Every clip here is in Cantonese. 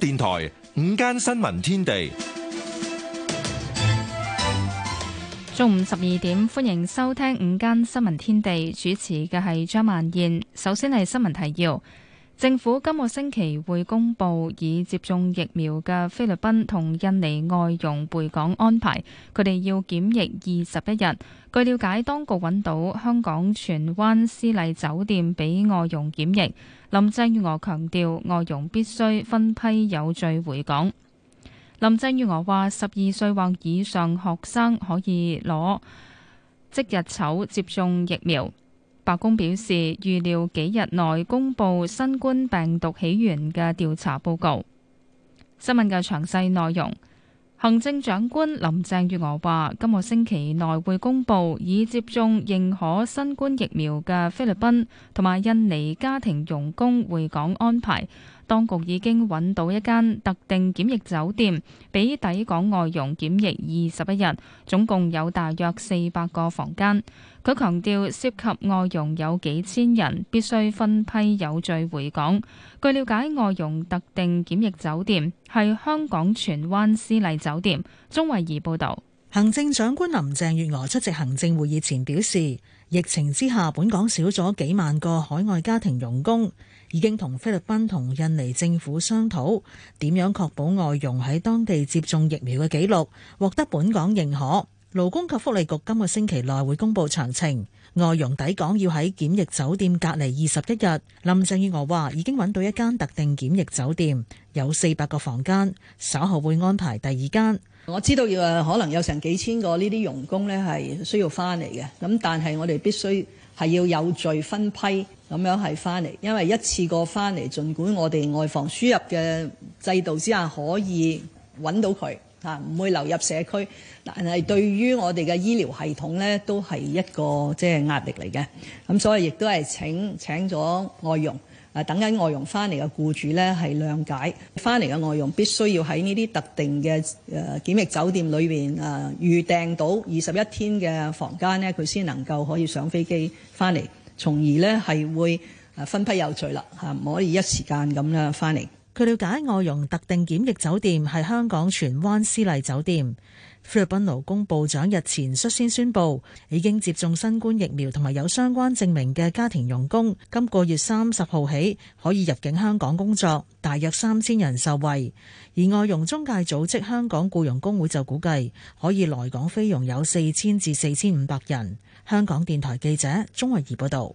電台午間新聞天地，中午十二點，歡迎收聽午間新聞天地，主持嘅係張曼燕。首先係新聞提要。政府今個星期會公布已接種疫苗嘅菲律賓同印尼外傭回港安排，佢哋要檢疫二十一日。據了解，當局揾到香港荃灣絲麗酒店俾外傭檢疫。林鄭月娥強調，外傭必須分批有序回港。林鄭月娥話：十二歲或以上學生可以攞即日籌接種疫苗。白宮表示，預料幾日內公布新冠病毒起源嘅調查報告。新聞嘅詳細內容，行政長官林鄭月娥話，今個星期內會公布已接種認可新冠疫苗嘅菲律賓同埋印尼家庭傭工回港安排。當局已經揾到一間特定檢疫酒店，俾抵港外傭檢疫二十一日，總共有大約四百個房間。佢強調，涉及外傭有幾千人，必須分批有序回港。據了解，外傭特定檢疫酒店係香港荃灣絲麗酒店。鍾慧儀報導。行政長官林鄭月娥出席行政會議前表示，疫情之下，本港少咗幾萬個海外家庭傭工。已經同菲律賓同印尼政府商討點樣確保外傭喺當地接種疫苗嘅記錄獲得本港認可，勞工及福利局今個星期內會公布詳情。外傭抵港要喺檢疫酒店隔離二十一日。林鄭月娥話：已經揾到一間特定檢疫酒店，有四百個房間，稍後會安排第二間。我知道要可能有成幾千個呢啲傭工咧係需要翻嚟嘅，咁但係我哋必須係要有序分批。咁樣係翻嚟，因為一次過翻嚟，儘管我哋外防輸入嘅制度之下可以揾到佢吓，唔會流入社區，但係對於我哋嘅醫療系統咧，都係一個即係壓力嚟嘅。咁所以亦都係請請咗外傭啊，等緊外傭翻嚟嘅僱主咧係諒解翻嚟嘅外傭必須要喺呢啲特定嘅誒、呃、檢疫酒店裏面啊預訂到二十一天嘅房間咧，佢先能夠可以上飛機翻嚟。從而咧係會分批有序啦，唔可以一時間咁樣翻嚟。據了解外傭特定檢疫酒店係香港荃灣絲麗酒店。菲律賓勞工部長日前率先宣布，已經接種新冠疫苗同埋有相關證明嘅家庭傭工，今個月三十號起可以入境香港工作，大約三千人受惠。而外傭中介組織香港僱傭工會就估計，可以來港菲傭有四千至四千五百人。香港電台記者鍾慧儀報道。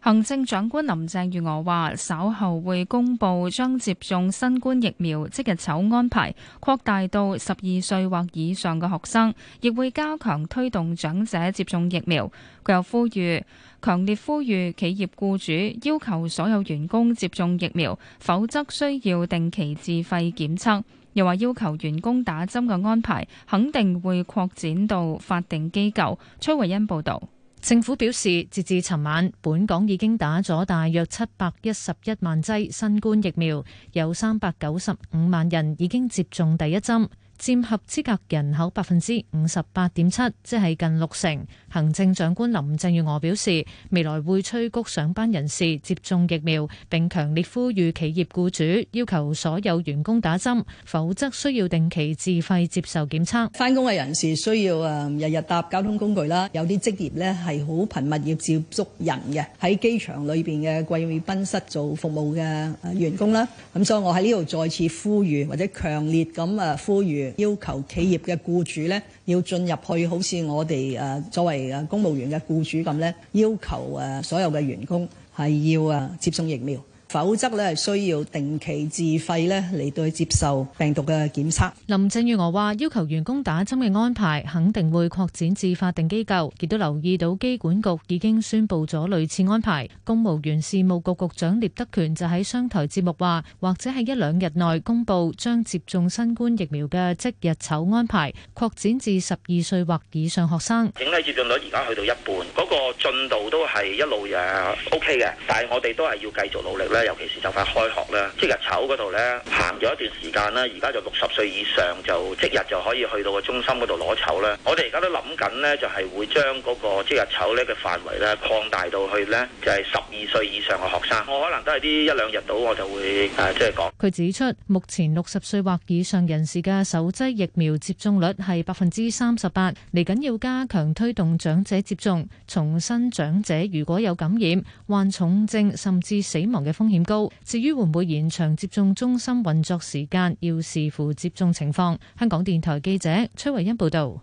行政長官林鄭月娥話，稍後會公布將接種新冠疫苗即日籌安排擴大到十二歲或以上嘅學生，亦會加強推動長者接種疫苗。佢又呼籲，強烈呼籲企業雇主要求所有員工接種疫苗，否則需要定期自費檢測。又話要求員工打針嘅安排肯定會擴展到法定機構。崔慧欣報導，政府表示，截至尋晚，本港已經打咗大約七百一十一萬劑新冠疫苗，有三百九十五萬人已經接種第一針。佔合資格人口百分之五十八點七，即係近六成。行政長官林鄭月娥表示，未來會催谷上班人士接種疫苗，並強烈呼籲企業僱主要求所有員工打針，否則需要定期自費接受檢測。翻工嘅人士需要誒日日搭交通工具啦，有啲職業呢係好頻密接觸人嘅，喺機場裏邊嘅貴賓室做服務嘅員工啦。咁所以我喺呢度再次呼籲，或者強烈咁誒呼籲。要求企業嘅僱主呢，要進入去好似我哋誒作為誒公務員嘅僱主咁咧，要求所有嘅員工係要誒接種疫苗。否則咧係需要定期自費咧嚟到去接受病毒嘅檢測。林鄭月娥話：要求員工打針嘅安排肯定會擴展至法定機構。亦都留意到機管局已經宣布咗類似安排。公務員事務局局長聶德權就喺商台節目話：或者係一兩日內公佈將接種新冠疫苗嘅即日醜安排擴展至十二歲或以上學生。整體接種率而家去到一半，嗰個進度都係一路誒 OK 嘅，但係我哋都係要繼續努力咧。尤其是就快開學啦，即日籌嗰度咧行咗一段時間啦，而家就六十歲以上就即日就可以去到個中心嗰度攞籌啦。我哋而家都諗緊咧，就係會將嗰個即日籌咧嘅範圍咧擴大到去咧，就係十二歲以上嘅學生。我可能都係呢一兩日到，我就會誒即係講。佢指出，目前六十歲或以上人士嘅首劑疫苗接種率係百分之三十八，嚟緊要加強推動長者接種，重申長者如果有感染、患重症甚至死亡嘅風險險高，至於會唔會延長接種中心運作時間，要視乎接種情況。香港電台記者崔惠欣報道。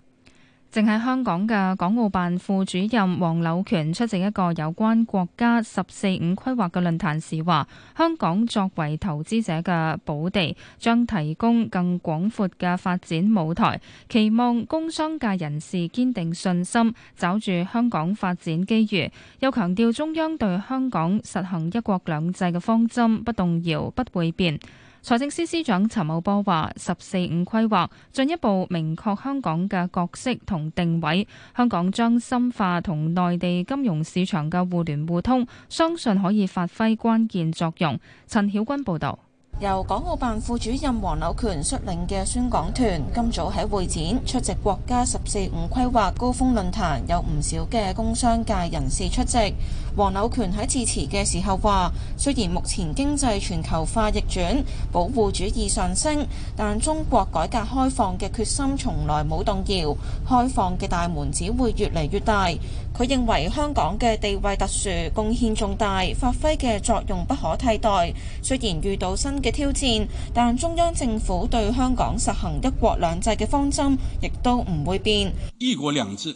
正喺香港嘅港澳辦副主任黃柳權出席一個有關國家十四五規劃嘅論壇時話：香港作為投資者嘅寶地，將提供更廣闊嘅發展舞台，期望工商界人士堅定信心，抓住香港發展機遇。又強調中央對香港實行一國兩制嘅方針不動搖，不會變。財政司司長陳茂波話：「十四五規劃進一步明確香港嘅角色同定位，香港將深化同內地金融市場嘅互聯互通，相信可以發揮關鍵作用。」陳曉君報導。由港澳辦副主任黃柳權率領嘅宣講團今早喺會展出席國家十四五規劃高峰論壇，有唔少嘅工商界人士出席。黃柳權喺致辭嘅時候話：雖然目前經濟全球化逆轉、保護主義上升，但中國改革開放嘅決心從來冇動搖，開放嘅大門只會越嚟越大。佢認為香港嘅地位特殊、貢獻重大、發揮嘅作用不可替代。雖然遇到新嘅挑戰，但中央政府對香港實行一國兩制嘅方針亦都唔會變。一國兩制。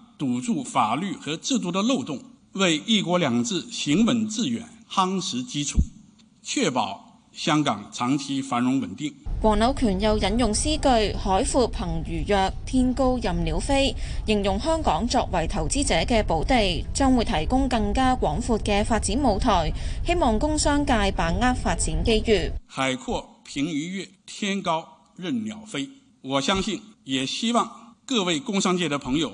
堵住法律和制度的漏洞，為“一國兩制”行穩致遠夯實基礎，確保香港長期繁榮穩定。黃柳權又引用詩句“海闊憑魚躍，天高任鳥飛”，形容香港作為投資者嘅寶地，將會提供更加廣闊嘅發展舞台。希望工商界把握發展機遇。海闊憑魚躍，天高任鳥飛。我相信，也希望各位工商界的朋友。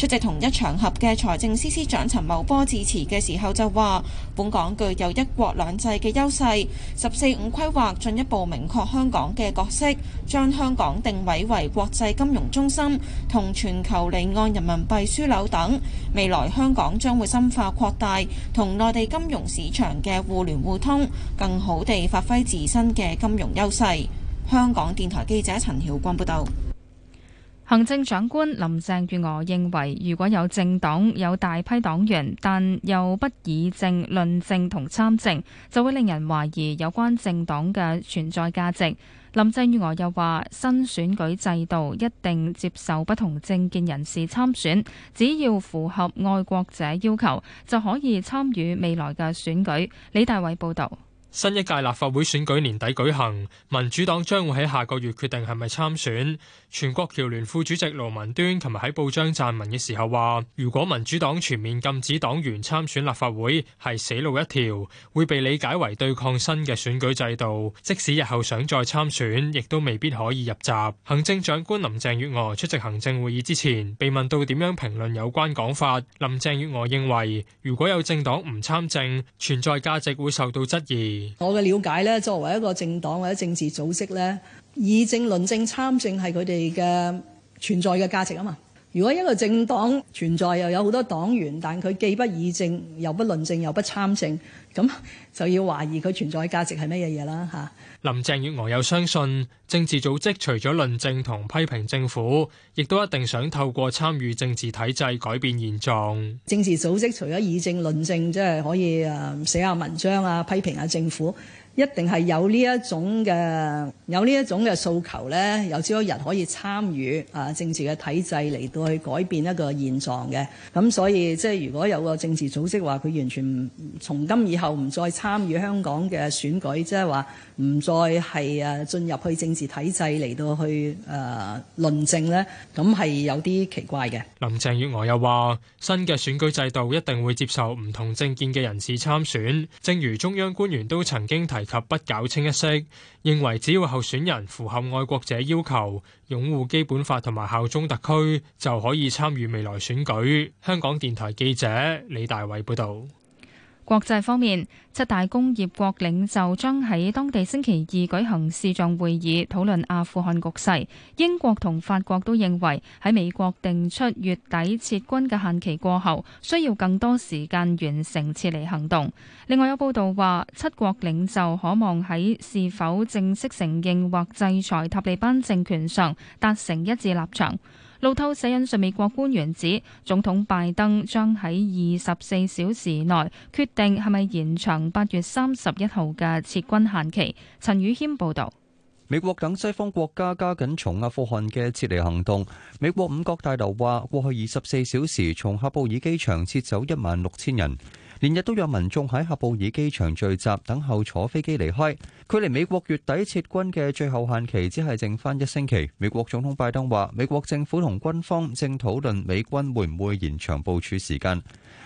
出席同一場合嘅財政司司長陳茂波致辭嘅時候就話，本港具有一國兩制嘅優勢，十四五規劃進一步明確香港嘅角色，將香港定位為國際金融中心同全球離岸人民幣樞紐等。未來香港將會深化擴大同內地金融市場嘅互聯互通，更好地發揮自身嘅金融優勢。香港電台記者陳曉光報導。行政長官林鄭月娥認為，如果有政黨有大批黨員，但又不以政論政同參政，就會令人懷疑有關政黨嘅存在價值。林鄭月娥又話，新選舉制度一定接受不同政見人士參選，只要符合愛國者要求，就可以參與未來嘅選舉。李大偉報道。新一屆立法會選舉年底舉行，民主黨將會喺下個月決定係咪參選。全國僑聯副主席盧文端琴日喺報章撰文嘅時候話，如果民主黨全面禁止黨員參選立法會，係死路一條，會被理解為對抗新嘅選舉制度。即使日後想再參選，亦都未必可以入閘。行政長官林鄭月娥出席行政會議之前，被問到點樣評論有關講法，林鄭月娥認為，如果有政黨唔參政，存在價值會受到質疑。我嘅了解呢，作為一個政黨或者政治組織呢，議政論政參政係佢哋嘅存在嘅價值啊嘛。如果一個政黨存在又有好多黨員，但佢既不議政又不論政又不參政，咁就要懷疑佢存在嘅價值係咩嘢嘢啦吓。林鄭月娥又相信，政治組織除咗論政同批評政府，亦都一定想透過參與政治體制改變現狀。政治組織除咗以政論政，即係、就是、可以誒寫下文章啊，批評下政府。一定係有呢一種嘅有呢一種嘅訴求咧，有朝一日可以參與啊政治嘅體制嚟到去改變一個現狀嘅。咁所以即係如果有個政治組織話，佢完全唔，從今以後唔再參與香港嘅選舉，即係話唔再係啊進入去政治體制嚟到去誒、呃、論證咧，咁係有啲奇怪嘅。林鄭月娥又話：新嘅選舉制度一定會接受唔同政見嘅人士參選，正如中央官員都曾經提。及不搞清一色，認為只要候選人符合愛國者要求、擁護基本法同埋效忠特區，就可以參與未來選舉。香港電台記者李大偉報道。國際方面。七大工業國領袖將喺當地星期二舉行視像會議，討論阿富汗局勢。英國同法國都認為喺美國定出月底撤軍嘅限期過後，需要更多時間完成撤離行動。另外有報道話，七國領袖可望喺是否正式承認或制裁塔利班政權上達成一致立場。路透社引述美國官員指，總統拜登將喺二十四小時內決定係咪延長八月三十一號嘅撤軍限期。陳宇謙報道，美國等西方國家加緊從阿富汗嘅撤離行動。美國五角大樓話，過去二十四小時從喀布爾機場撤走一萬六千人，連日都有民眾喺喀布爾機場聚集等候坐飛機離開。距離美國月底撤軍嘅最後限期，只係剩翻一星期。美國總統拜登話，美國政府同軍方正討論美軍會唔會延長部署時間。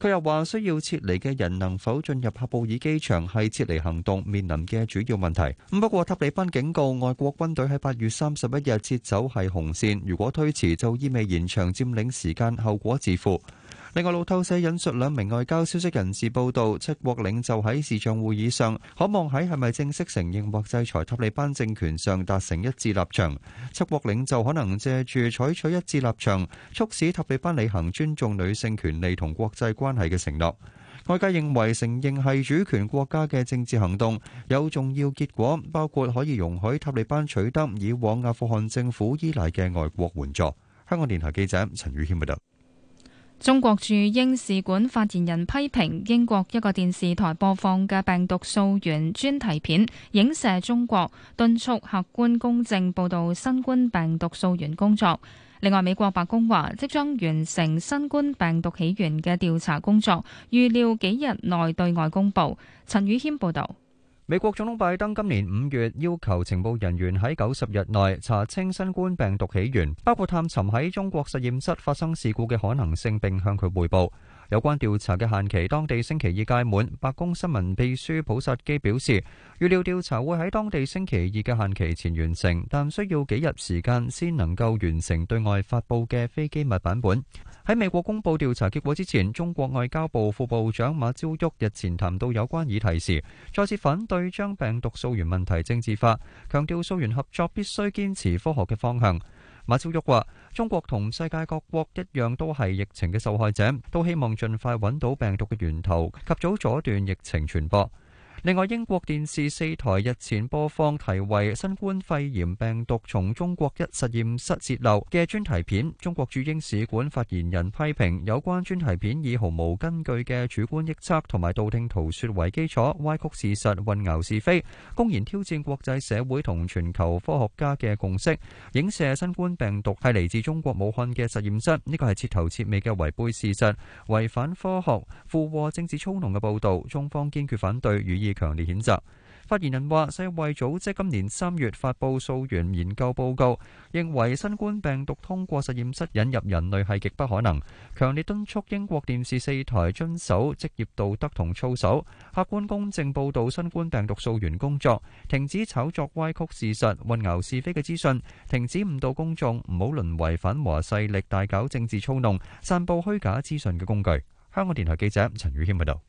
佢又話：需要撤離嘅人能否進入喀布爾機場，係撤離行動面臨嘅主要問題。不過塔利班警告，外國軍隊喺八月三十一日撤走係紅線，如果推遲就意味延長佔領時間，後果自負。另外，路透社引述兩名外交消息人士報道，七國領袖喺視像會議上，可望喺係咪正式承認或制裁塔利班政權上達成一致立場。七國領袖可能借住採取一致立場，促使塔利班履行尊重女性權利同國際關係嘅承諾。外界認為承認係主權國家嘅政治行動，有重要結果，包括可以容許塔利班取得以往阿富汗政府依賴嘅外國援助。香港電台記者陳宇軒報道。中國駐英使館發言人批評英國一個電視台播放嘅病毒溯源專題片影射中國，敦促客觀公正報道新冠病毒溯源工作。另外，美國白宮話即將完成新冠病毒起源嘅調查工作，預料幾日內對外公布。陳宇謙報道。美國總統拜登今年五月要求情報人員喺九十日內查清新冠病毒起源，包括探尋喺中國實驗室發生事故嘅可能性，並向佢匯報。有關調查嘅限期，當地星期二屆滿。白宮新聞秘書普薩基表示，預料調查會喺當地星期二嘅限期前完成，但需要幾日時間先能夠完成對外發佈嘅非機密版本。喺美國公佈調查結果之前，中國外交部副部長馬朝旭日前談到有關議題時，再次反對將病毒溯源問題政治化，強調溯源合作必須堅持科學嘅方向。馬朝旭話，中國同世界各國一樣，都係疫情嘅受害者，都希望盡快搵到病毒嘅源頭，及早阻斷疫情傳播。另外，英國電視四台日前播放題為《新冠肺炎病毒從中國一實驗室泄漏》嘅專題片，中國駐英使館發言人批評有關專題片以毫無根據嘅主觀臆測同埋道聽途說為基礎，歪曲事實，混淆是非，公然挑戰國際社會同全球科學家嘅共識，影射新冠病毒係嚟自中國武漢嘅實驗室，呢個係徹頭徹尾嘅違背事實、違反科學、附和政治操弄嘅報導。中方堅決反對，予以強烈譴責。發言人話：世衛組織今年三月發布溯源研究報告，認為新冠病毒通過實驗室引入人類係極不可能。強烈敦促英國電視四台遵守職業道德同操守，客觀公正報道新冠病毒溯源工作，停止炒作歪曲事實、混淆是非嘅資訊，停止誤導公眾，唔好淪為反華勢力大搞政治操弄、散布虛假資訊嘅工具。香港電台記者陳宇謙報道。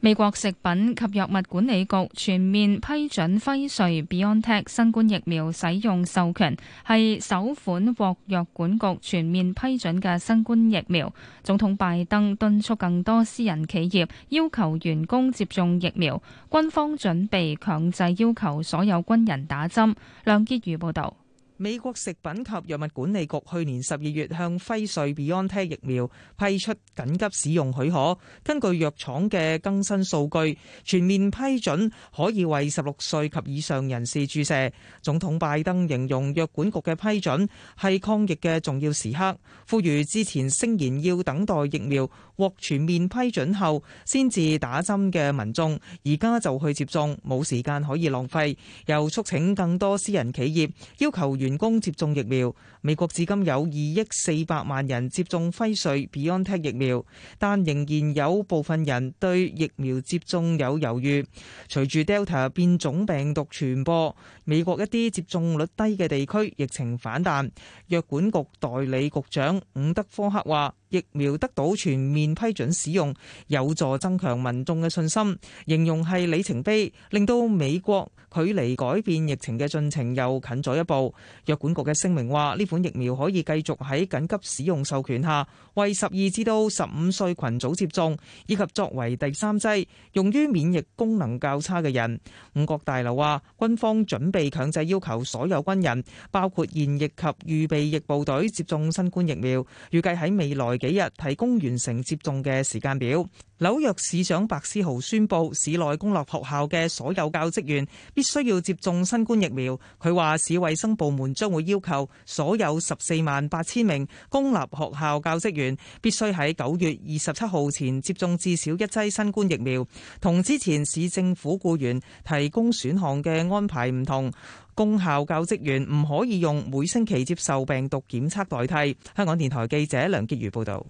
美國食品及藥物管理局全面批准輝瑞、BioNTech 新冠疫苗使用授權，係首款獲藥管局全面批准嘅新冠疫苗。總統拜登敦促更多私人企業要求員工接種疫苗，軍方準備強制要求所有軍人打針。梁潔如報道。美國食品及藥物管理局去年十二月向輝瑞、BioNTech 疫苗批出緊急使用許可。根據藥廠嘅更新數據，全面批准可以為十六歲及以上人士注射。總統拜登形容藥管局嘅批准係抗疫嘅重要時刻，呼籲之前聲言要等待疫苗獲全面批准後先至打針嘅民眾，而家就去接種，冇時間可以浪費，又促請更多私人企業要求員工接種疫苗。美國至今有二億四百萬人接種輝瑞、Biontech 疫苗，但仍然有部分人對疫苗接種有猶豫。隨住 Delta 變種病毒傳播，美國一啲接種率低嘅地區疫情反彈。藥管局代理局長伍德科克話。疫苗得到全面批准使用，有助增強民眾嘅信心，形容係里程碑，令到美國距離，改變疫情嘅進程又近咗一步。藥管局嘅聲明話，呢款疫苗可以繼續喺緊急使用授權下，為十二至到十五歲群組接種，以及作為第三劑，用於免疫功能較差嘅人。五角大樓話，軍方準備強制要求所有軍人，包括現役及預備役部隊接種新冠疫苗，預計喺未來。幾日提供完成接種嘅時間表。紐約市長白思豪宣布，市內公立學校嘅所有教職員必須要接種新冠疫苗。佢話，市衛生部門將會要求所有十四萬八千名公立學校教職員必須喺九月二十七號前接種至少一劑新冠疫苗，同之前市政府僱員提供選項嘅安排唔同。公校教職員唔可以用每星期接受病毒檢測代替。香港電台記者梁潔如報道，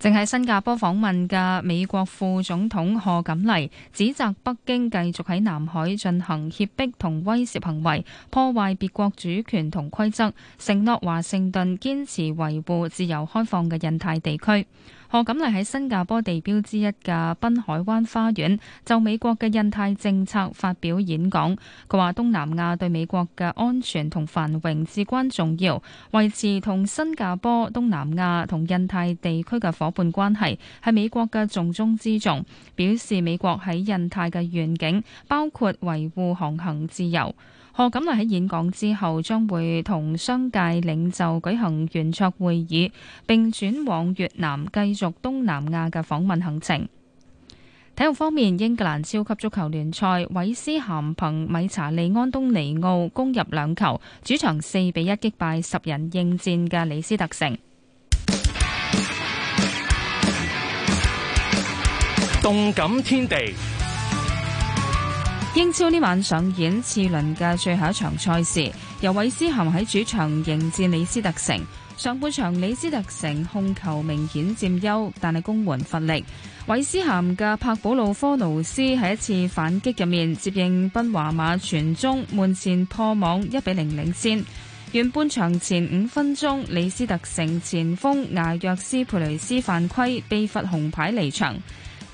正喺新加坡訪問嘅美國副總統賀錦麗，指責北京繼續喺南海進行脅迫同威懾行為，破壞別國主權同規則，承諾華盛頓堅持維護自由開放嘅印太地區。賀錦麗喺新加坡地標之一嘅濱海灣花園就美國嘅印太政策發表演講。佢話：東南亞對美國嘅安全同繁榮至關重要，維持同新加坡、東南亞同印太地區嘅伙伴關係係美國嘅重中之重。表示美國喺印太嘅願景包括維護航行自由。賀錦麗喺演講之後，將會同商界領袖舉行圓桌會議，並轉往越南繼續東南亞嘅訪問行程。體育方面，英格蘭超級足球聯賽，韋斯咸憑米查利安東尼奧攻入兩球，主場四比一擊敗十人應戰嘅李斯特城。動感天地。英超呢晚上演次輪嘅最後一場賽事，由韋斯咸喺主場迎戰李斯特城。上半場李斯特城控球明顯佔優，但係攻門乏力。韋斯咸嘅柏保魯科奴斯喺一次反擊入面接應賓華馬傳中，門前破網，一比零領先。完半場前五分鐘，李斯特城前鋒亞約斯佩雷斯犯規，被罰紅牌離場。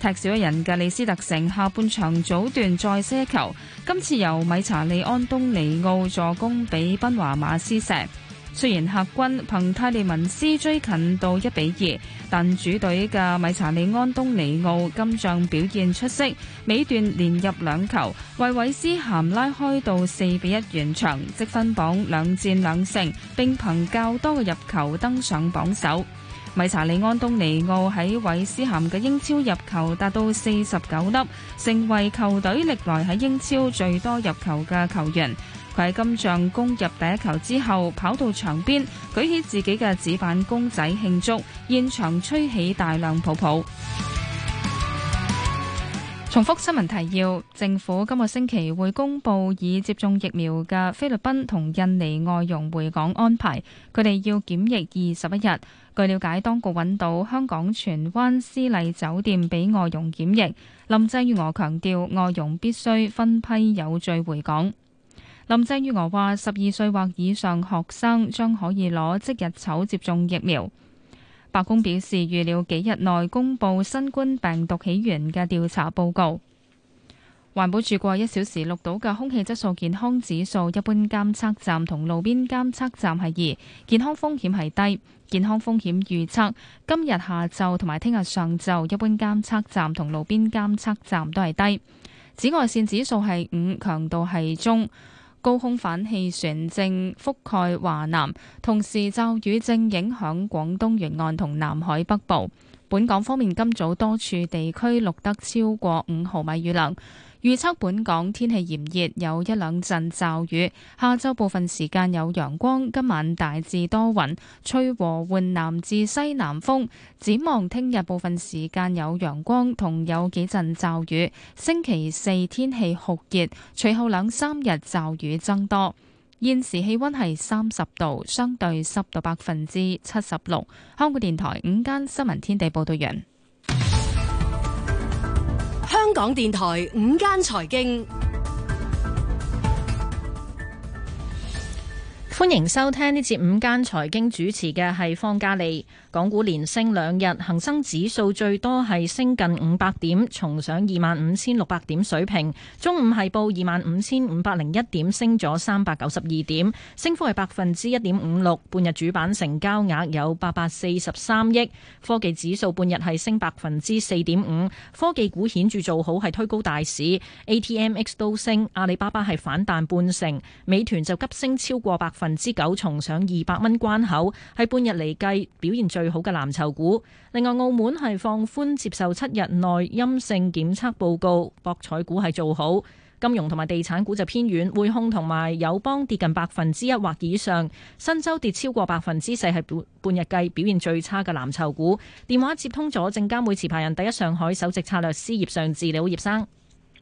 踢少一人嘅利斯特城下半場早段再射一球，今次由米查利安東尼奧助攻俾賓華馬斯射。雖然客軍憑泰利文斯追近到一比二，但主隊嘅米查利安東尼奧今仗表現出色，尾段連入兩球，為韋斯咸拉開到四比一完場。積分榜兩戰兩勝，並憑較多嘅入球登上榜首。米查利·安東尼奧喺韋斯咸嘅英超入球達到四十九粒，成為球隊歷來喺英超最多入球嘅球員。佢喺今仗攻入第一球之後，跑到場邊舉起自己嘅紙板公仔慶祝，現場吹起大量泡泡。重複新聞提要：政府今個星期會公布已接種疫苗嘅菲律賓同印尼外傭回港安排，佢哋要檢疫二十一日。據了解，當局揾到香港荃灣絲麗酒店俾外傭檢疫。林鄭月娥強調，外傭必須分批有序回港。林鄭月娥話，十二歲或以上學生將可以攞即日籌接種疫苗。白宮表示，預料幾日內公布新冠病毒起源嘅調查報告。環保署過一小時錄到嘅空氣質素健康指數，一般監測站同路邊監測站係二，健康風險係低。健康風險預測，今日下晝同埋聽日上晝，一般監測站同路邊監測站都係低。紫外線指數係五，強度係中。高空反氣旋正覆蓋華南，同時驟雨正影響廣東沿岸同南海北部。本港方面，今早多處地區錄得超過五毫米雨量。預測本港天氣炎熱，有一兩陣驟雨。下周部分時間有陽光，今晚大致多雲，吹和緩南至西南風。展望聽日部分時間有陽光同有幾陣驟雨。星期四天氣酷熱，隨後兩三日驟雨增多。現時氣溫係三十度，相對濕度百分之七十六。香港電台午間新聞天地報道完。香港電台午間財經。歡迎收聽呢節午間財經，主持嘅係方嘉利。港股連升兩日，恒生指數最多係升近五百點，重上二萬五千六百點水平。中午係報二萬五千五百零一點，升咗三百九十二點，升幅係百分之一點五六。半日主板成交額有八百四十三億。科技指數半日係升百分之四點五，科技股顯著做好，係推高大市。ATMX 都升，阿里巴巴係反彈半成，美團就急升超過百分。之九重上二百蚊關口，係半日嚟計表現最好嘅藍籌股。另外，澳門係放寬接受七日內陰性檢測報告，博彩股係做好，金融同埋地產股就偏軟，匯控同埋友邦跌近百分之一或以上，新洲跌超過百分之四，係半半日計表現最差嘅藍籌股。電話接通咗證監會持牌人第一上海首席策略師葉尚智，你好，葉生。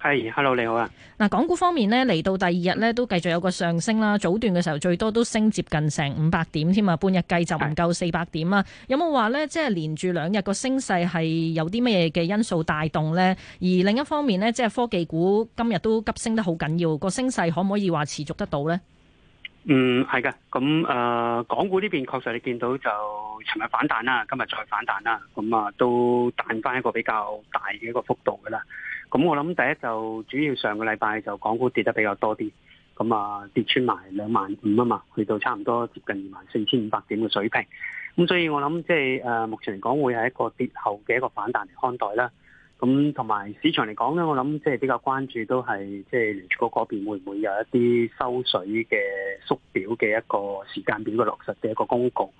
係、hey，hello，你好啊！嗱，港股方面呢，嚟到第二日呢，都繼續有個上升啦。早段嘅時候最多都升接近成五百點添啊，半日計就唔夠四百點啊。的有冇話呢？即係連住兩日個升勢係有啲咩嘅因素帶動呢？而另一方面呢，即係科技股今日都急升得好緊要，個升勢可唔可以話持續得到呢？嗯，係嘅。咁誒、呃，港股呢邊確實你見到就尋日反彈啦，今日再反彈啦。咁啊，都彈翻一個比較大嘅一個幅度噶啦。咁我諗第一就主要上個禮拜就港股跌得比較多啲，咁啊跌穿埋兩萬五啊嘛，去到差唔多接近二萬四千五百點嘅水平。咁所以我諗即係誒目前嚟講會係一個跌後嘅一個反彈嚟看待啦。咁同埋市場嚟講咧，我諗即係比較關注都係即係聯儲局嗰邊會唔會有一啲收水嘅縮表嘅一個時間表嘅落實嘅一個公告。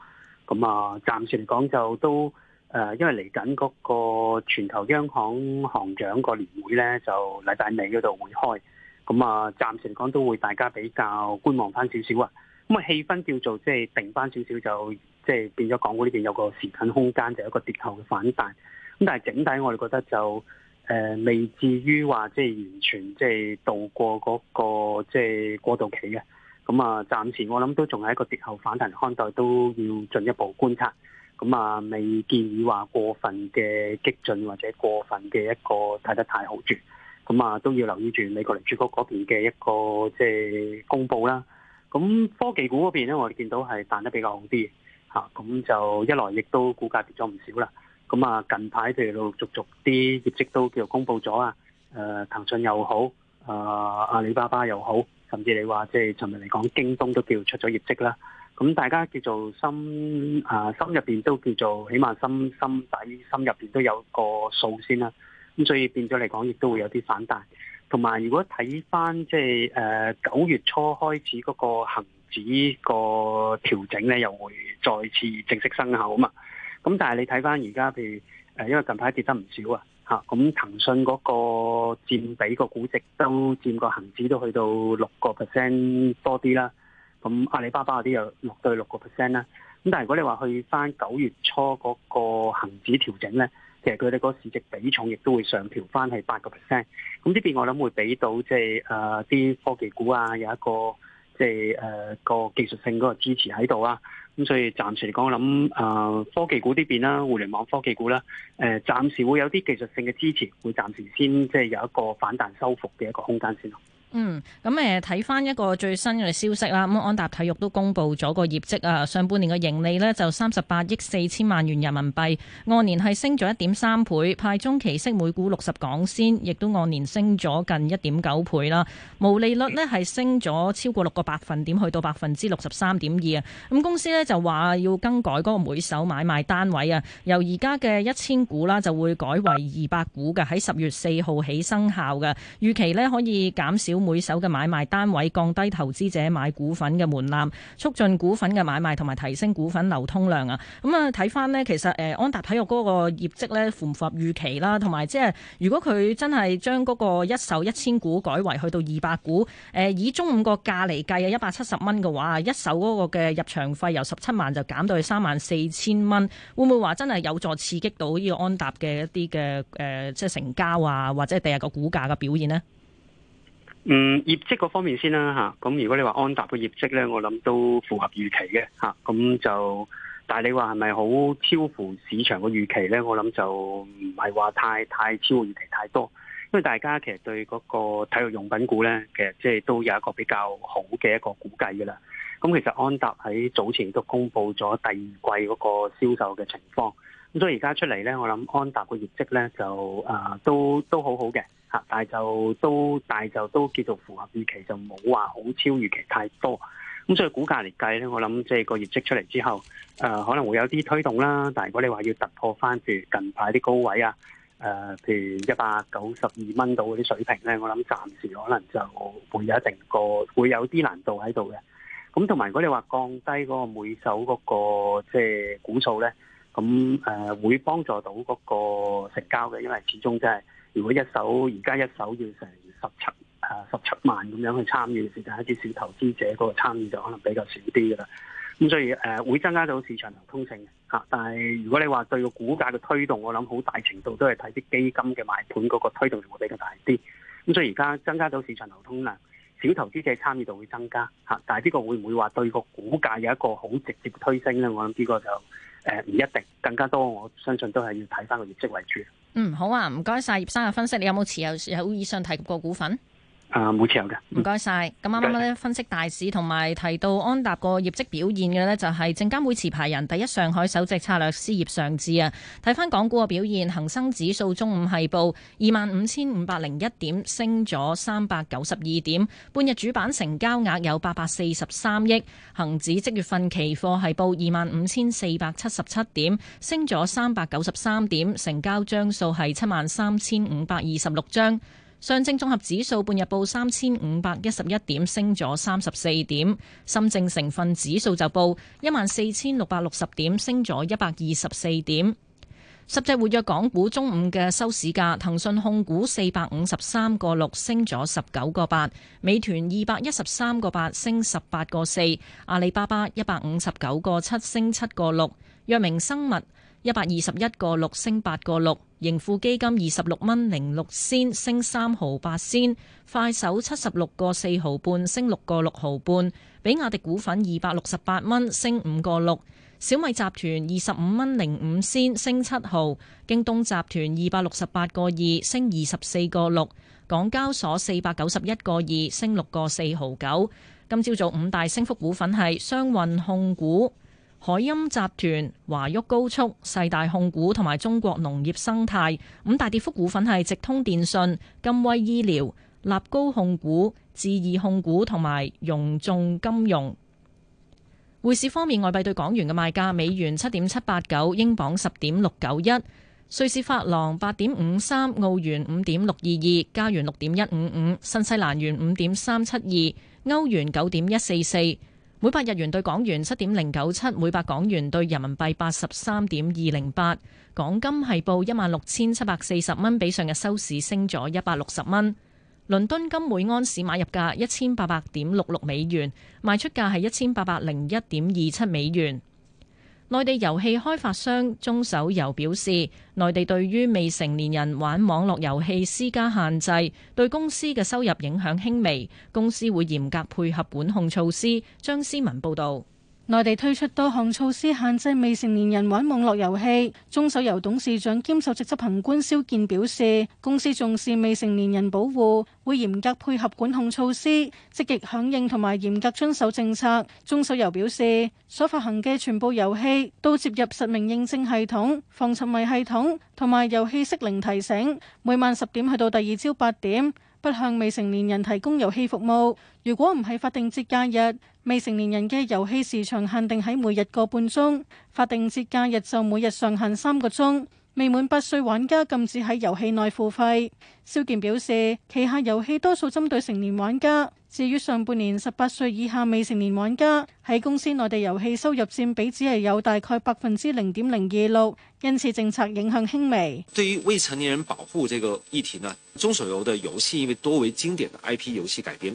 咁啊、呃，暫時嚟講就都。誒，因為嚟緊嗰個全球央行行長個年會咧，就禮拜尾嗰度會開，咁啊，暫時嚟講都會大家比較觀望翻少少啊。咁啊，氣氛叫做即係定翻少少，就即係變咗港股呢邊有個時間空間，就有一個跌後嘅反彈。咁但係整體我哋覺得就誒，未至於話即係完全即係渡過嗰個即係過渡期啊。咁啊，暫時我諗都仲係一個跌後反彈看待，都要進一步觀察。咁啊，未建議話過分嘅激進或者過分嘅一個睇得太好住，咁啊都要留意住美國聯儲局嗰邊嘅一個即係公佈啦。咁科技股嗰邊咧，我哋見到係彈得比較好啲嚇，咁就一來亦都股價跌咗唔少啦。咁啊，近排譬如陸陸續續啲業績都叫公佈咗啊，誒騰訊又好，誒阿里巴巴又好，甚至你話即係尋日嚟講，京東都叫出咗業績啦。咁大家叫做心啊，心入面都叫做起碼心心底心入面都有個數先啦，啊。咁所以變咗嚟講，亦都會有啲反彈。同埋如果睇翻即係誒九月初開始嗰個恆指個調整咧，又會再次正式生效啊嘛。咁但係你睇翻而家，譬如誒因為近排跌得唔少啊，咁騰訊嗰個佔比個估值都佔個恒指都去到六個 percent 多啲啦，啊。咁阿里巴巴嗰啲有六對六個 percent 啦，咁但係如果你話去翻九月初嗰個恒指調整咧，其實佢哋嗰個市值比重亦都會上調翻係八個 percent。咁呢邊我諗會俾到即係誒啲科技股啊，有一個即係誒個技術性嗰個支持喺度啊。咁所以暫時嚟講，我諗、呃、誒科技股呢邊啦，互聯網科技股啦，誒、呃、暫時會有啲技術性嘅支持，會暫時先即係有一個反彈修復嘅一個空間先咯。嗯，咁誒睇翻一個最新嘅消息啦，咁安踏體育都公布咗個業績啊，上半年嘅盈利咧就三十八億四千萬元人民幣，按年係升咗一點三倍，派中期息每股六十港仙，亦都按年升咗近一點九倍啦，毛利率咧係升咗超過六個百分點，去到百分之六十三點二啊，咁公司咧就話要更改嗰個每手買賣單位啊，由而家嘅一千股啦就會改為二百股嘅，喺十月四號起生效嘅，預期咧可以減少。每手嘅買賣單位，降低投資者買股份嘅門檻，促進股份嘅買賣同埋提升股份流通量啊！咁啊，睇翻呢，其實誒安踏體育嗰個業績咧符唔符合預期啦？同埋即係如果佢真係將嗰個一手一千股改為去到二百股，誒以中午個價嚟計啊，一百七十蚊嘅話，一手嗰個嘅入場費由十七萬就減到去三萬四千蚊，會唔會話真係有助刺激到呢個安踏嘅一啲嘅誒即係成交啊，或者第二日個股價嘅表現呢？嗯，業績嗰方面先啦，吓、啊、咁如果你話安踏嘅業績咧，我諗都符合預期嘅，吓、啊、咁就，但係你話係咪好超乎市場嘅預期咧？我諗就唔係話太太超預期太多，因為大家其實對嗰個體育用品股咧，其實即係都有一個比較好嘅一個估計噶啦。咁其實安踏喺早前都公布咗第二季嗰個銷售嘅情況，咁所以而家出嚟咧，我諗安踏嘅業績咧就誒、啊、都都好好嘅。但係就都，但就都叫做符合預期，就冇話好超預期太多。咁所以股價嚟計咧，我諗即係個業績出嚟之後誒、呃、可能會有啲推動啦。但係如果你話要突破翻譬如近排啲高位啊，誒、呃、譬如一百九十二蚊到嗰啲水平咧，我諗暫時可能就會有一定個會有啲難度喺度嘅。咁同埋如果你話降低嗰個每手嗰、嗰個即係、就是、股數咧，咁誒、呃、會幫助到嗰個成交嘅，因為始終即係。如果一手而家一手要成十七啊十七萬咁樣去參與嘅時候，一啲小投資者嗰個參與就可能比較少啲噶啦。咁所以誒、呃、會增加到市場流通性嚇、啊，但係如果你話對個股價嘅推動，我諗好大程度都係睇啲基金嘅買盤嗰個推動就會比較大啲。咁所以而家增加到市場流通量，小投資者參與度會增加嚇、啊，但係呢個會唔會話對個股價有一個好直接推升咧？我諗呢個就誒唔、呃、一定，更加多我相信都係要睇翻個業績為主。嗯，好啊，唔該晒葉生嘅分析，你有冇持有有以上提及過股份？啊，每次嘅。唔該晒，咁啱啱咧分析大市，同埋提到安踏個業績表現嘅呢，就係證監會持牌人第一上海首席策略師葉尚志啊。睇翻港股嘅表現，恒生指數中午係報二萬五千五百零一點，升咗三百九十二點。半日主板成交額有八百四十三億。恒指即月份期貨係報二萬五千四百七十七點，升咗三百九十三點，成交張數係七萬三千五百二十六張。上證綜合指數半日報三千五百一十一點，升咗三十四點。深證成分指數就報一萬四千六百六十點，升咗一百二十四點。十隻活躍港股中午嘅收市價，騰訊控股四百五十三個六，升咗十九個八；美團二百一十三個八，升十八個四；阿里巴巴一百五十九個七，升七個六；藥明生物。一百二十一個六升八個六，盈富基金二十六蚊零六仙升三毫八仙，快手七十六個四毫半升六個六毫半，比亞迪股份二百六十八蚊升五個六，小米集團二十五蚊零五仙升七毫，京東集團二百六十八個二升二十四個六，港交所四百九十一個二升六個四毫九，今朝早五大升幅股份係商運控股。海音集團、華旭高速、世大控股同埋中國農業生態，五大跌幅股份係直通電信、金威醫療、立高控股、置易控股同埋融眾金融。匯市方面，外幣對港元嘅賣價：美元七點七八九，英鎊十點六九一，瑞士法郎八點五三，澳元五點六二二，加元六點一五五，新西蘭元五點三七二，歐元九點一四四。每百日元兌港元七點零九七，每百港元兌人民幣八十三點二零八。港金係報一萬六千七百四十蚊，比上日收市升咗一百六十蚊。倫敦金每安士買入價一千八百點六六美元，賣出價係一千八百零一點二七美元。內地遊戲開發商中手游表示，內地對於未成年人玩網絡遊戲施加限制，對公司嘅收入影響輕微，公司會嚴格配合管控措施。張思文報道。內地推出多項措施限制未成年人玩網絡遊戲。中手遊董事長兼首席執行官肖健表示，公司重視未成年人保護，會嚴格配合管控措施，積極響應同埋嚴格遵守政策。中手遊表示，所發行嘅全部遊戲都接入實名認證系統、防沉迷系統同埋遊戲適齡提醒，每晚十點去到第二朝八點，不向未成年人提供遊戲服務。如果唔係法定節假日，未成年人嘅遊戲時長限定喺每日個半鐘，法定節假日就每日上限三個鐘。未滿八歲玩家禁止喺遊戲內付費。肖健表示，旗下遊戲多數針對成年玩家。至於上半年十八歲以下未成年玩家喺公司內地遊戲收入佔比只係有大概百分之零點零二六，因此政策影響輕微。對於未成年人保護這個議題呢？中手游的遊戲因為多為經典的 IP 遊戲改編。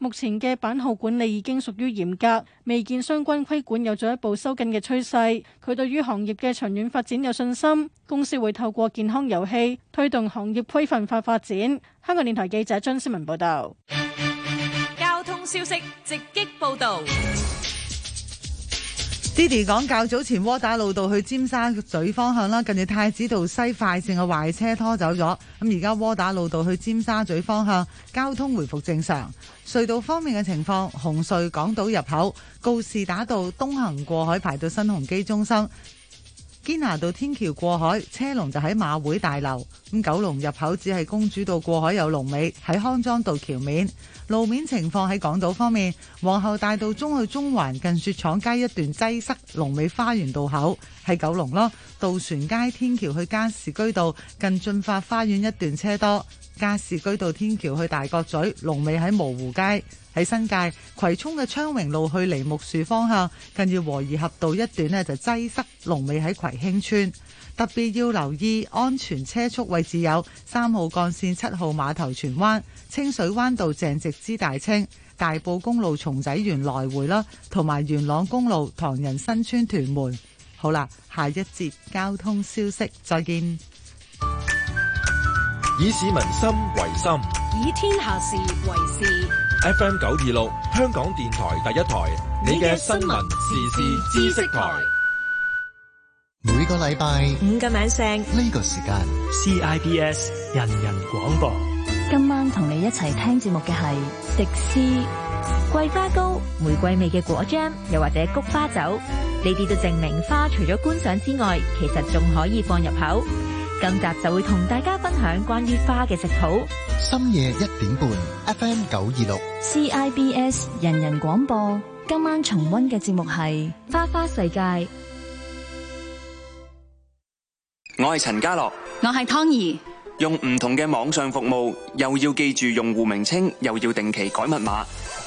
目前嘅版號管理已經屬於嚴格，未見相關規管有進一步收緊嘅趨勢。佢對於行業嘅長遠發展有信心，公司會透過健康遊戲推動行業規範化發展。香港電台記者張思文報道。交通消息直擊報道。Diddy 講較早前窩打老道去尖沙咀方向啦，近住太子道西快線嘅壞車拖走咗，咁而家窩打老道去尖沙咀方向交通回復正常。隧道方面嘅情況，紅隧港島入口告士打道東行過海排到新鴻基中心。堅拿道天橋過海車龍就喺馬會大樓，咁九龍入口只係公主道過海有龍尾喺康莊道橋面。路面情況喺港島方面，皇后大道中去中環近雪廠街一段擠塞，龍尾花園道口。喺九龍咯，渡船街天橋去加士居道近駿發花園一段車多。加士居道天橋去大角咀，龍尾喺蕪湖街；喺新界葵涌嘅昌榮路去梨木樹方向，近住和宜合道一段呢就擠塞，龍尾喺葵興村。特別要留意安全車速位置有三號幹線、七號碼頭、荃灣、清水灣道、鄭直支、大清、大埔公路、松仔園來回啦，同埋元朗公路、唐人新村、屯門。好啦，下一節交通消息，再見。以市民心為心，以天下事為事。FM 九二六，香港電台第一台，你嘅新聞、時事、知識台。每個禮拜五個晚上呢個時間，CIBS 人人廣播。今晚同你一齊聽節目嘅係迪斯桂花糕、玫瑰味嘅果醬，又或者菊花酒。呢啲都證明花除咗觀賞之外，其實仲可以放入口。今集就會同大家分享關於花嘅食譜。深夜一點半，FM 九二六，CIBS 人人廣播。今晚重温嘅節目係《花花世界》。我係陳家樂，我係湯兒。用唔同嘅網上服務，又要記住用戶名稱，又要定期改密碼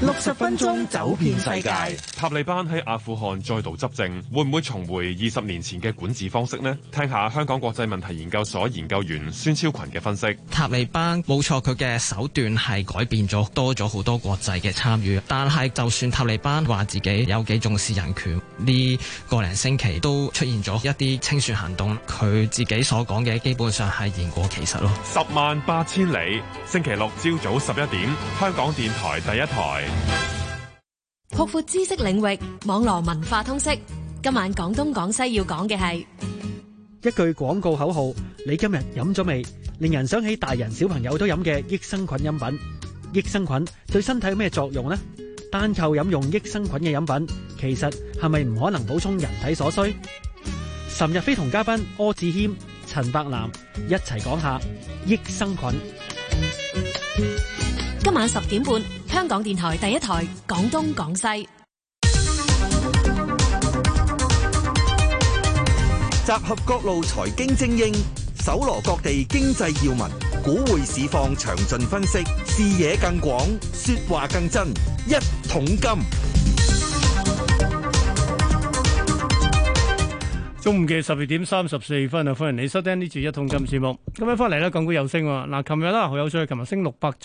六十分鐘走遍世界。塔利班喺阿富汗再度執政，會唔會重回二十年前嘅管治方式呢？聽下香港國際問題研究所研究員孫超群嘅分析。塔利班冇錯，佢嘅手段係改變咗，多咗好多國際嘅參與。但係就算塔利班話自己有幾重視人權，呢個零星期都出現咗一啲清算行動，佢自己所講嘅基本上係言過其實咯。十萬八千里，星期六朝早十一點，香港電台第一台。擴闊知識領域，網絡文化通識。今晚講東講西要講嘅係一句廣告口號，你今日飲咗未？令人想起大人小朋友都飲嘅益生菌飲品。益生菌對身體有咩作用呢？單靠飲用益生菌嘅飲品，其實係咪唔可能補充人體所需？岑日飛同嘉賓柯志謙、陳柏楠一齊講下益生菌。今晚十點半，香港電台第一台《廣東廣西》，集合各路財經精英，搜羅各地經濟要聞，股匯市況詳盡分析，視野更廣，說話更真。一桶金，中午嘅十二點三十四分啊！歡迎你收聽呢次一桶金節目。今日翻嚟啦，港股有升嗱，琴日啦好有趣，琴日升六百。